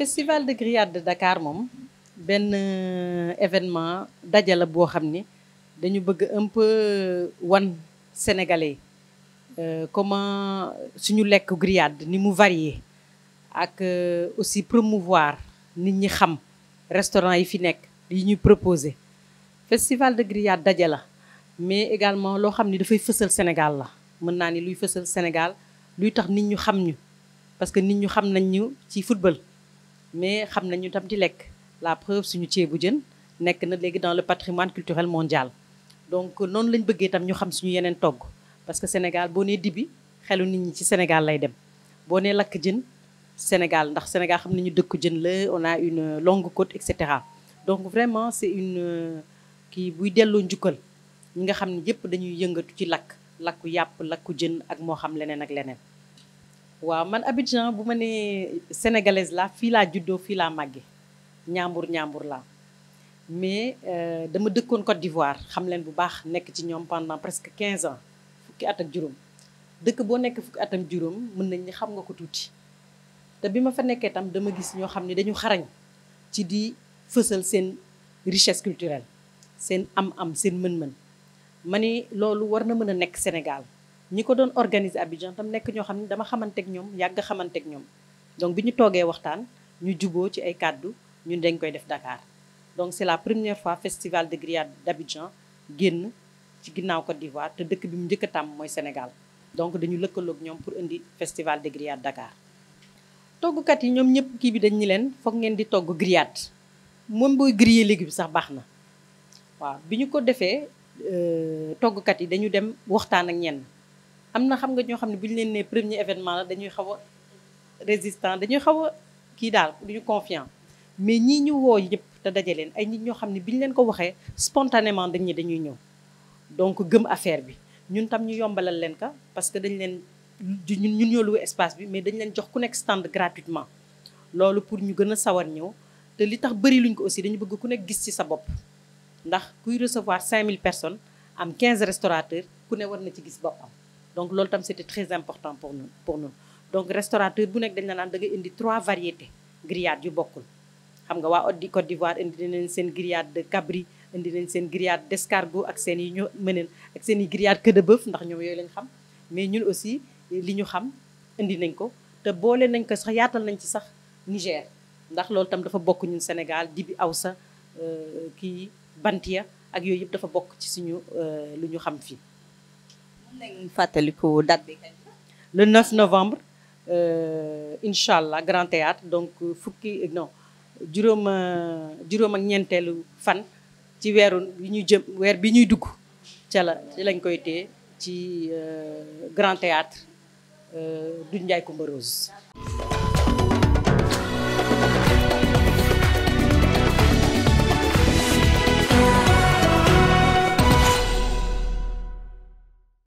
festival de grillade de Dakar moom benn euh, événement d'ajala bo xamni dañu bëgg un peu euh, wan sénégalais euh, comment suñu lekk grillade ni mu varier ak aussi promouvoir nit ñi xam restaurant yi fi nek yi ñu proposer festival de grillade d'ajala, mais également lo xamni da fay fësal Sénégal la mën na ni luy fësal Sénégal luy tax nit ñu xam ñu parce que nit ñu xam nañ ñu ci football mais xam nañu tam di lekk la preuve suñu ceebu jën nekk na léegi dans le patrimoine culturel mondial donc noonu lañ bëggee tam ñu xam suñu yeneen togg parce que Sénégal boo nee dibi xelu nit ñi ci Sénégal lay dem boo nee lakk jën Sénégal ndax Sénégal xam nañu dëkku jën la on a une longue côte et cetera donc vraiment c'est une kii buy delloo njukkal ñi nga xam ne yëpp dañuy yëngatu ci lakk lakku yàpp lakku jën ak moo xam leneen ak leneen wa man Abidjan bu mani sénégalaise la fi la juddo fi la màgge ñaambur ñaambur la mais euh, dama dekkone Côte d'Ivoire xam len bu baax nek ci ñom pendant presque 15 ans fukki at ak juróom dëkk boo fukki atam jurum mën nañ ni xam nga ko tuti te bima fa nekké tam dama gis ño xamni dañu xarañ ci di feussal sen richesse culturelle sen am-am sen mën-mën mani lolu warna mëna nek Sénégal ñi ko doon organiser Abidjan tam ño xamni dama xamanté ak ñom yag xamanté ak ñom donc biñu togué waxtaan ñu juboo ci ay cadeau ñun dañ koy def Dakar donc c'est la première fois festival de grillade d'Abidjan génn ci ginnaw Côte d'Ivoire te dëkk bi mu jëk tam moy Sénégal donc dañu lëkkaloog ñom pour indi festival de grillade Dakar kat yi ñom ñëpp ki bi dañ ñi len fokk ngeen di togg grillade mumbu booy griller bi sax baxna wa biñu ko défé euh defee kat yi dañu dem waxtaan ak ñenn amna xam nga ñoo xam ne bu ñu leen nee premier événement la dañuy xaw a résistant dañuy xaw a kii daal duñu confiant mais ñii ñu woo ñëpp te daje leen ay nit ñoo xam ne bi ñu leen ko waxee spontanément dañ ñi dañuy ñëw donc gëm affaire bi ñun tam ñu yombalal leen ka parce que dañ leen ñun ñun ñoo loué espace bi mais dañ leen jox ku nekk stand gratuitement loolu pour ñu gën a sawar ñëw te li tax bëri luñ ko aussi dañu bëgg ku nekk gis ci sa bopp ndax kuy recevoir 5000 personnes am 15 restaurateurs ku ne war na ci gis boppam donc loolu tam c'était très important pour nous pour nous donc restaurateur bu nekk dañ la naan da nga indi trois variétés grillades yu bokkul xam nga waa di Côte d'Ivoire indi nañ seen grillade de cabri indi nañ seen grillade d'escargot ak seen yi ñu ak seen yi grillade de bœuf ndax ñoom yooyu lañ xam mais ñun aussi li ñu xam indi nañ ko te boole nañ ko sax yaatal nañ ci sax Niger ndax loolu tam dafa bokk ñun Sénégal dibi awsa euh, kii bantia ak yooyu yëpp dafa bokk ci suñu euh, lu ñu xam fii bi le 9 novembre euh, incha grand théâtre donc euh, fukki euh, non juróom Nientelou, euh, ak fan ci est venu, ñuy jëm weer bi ñuy dugg ca la ci lañ koy ci grand théâtre euh, Ndiaye Coumba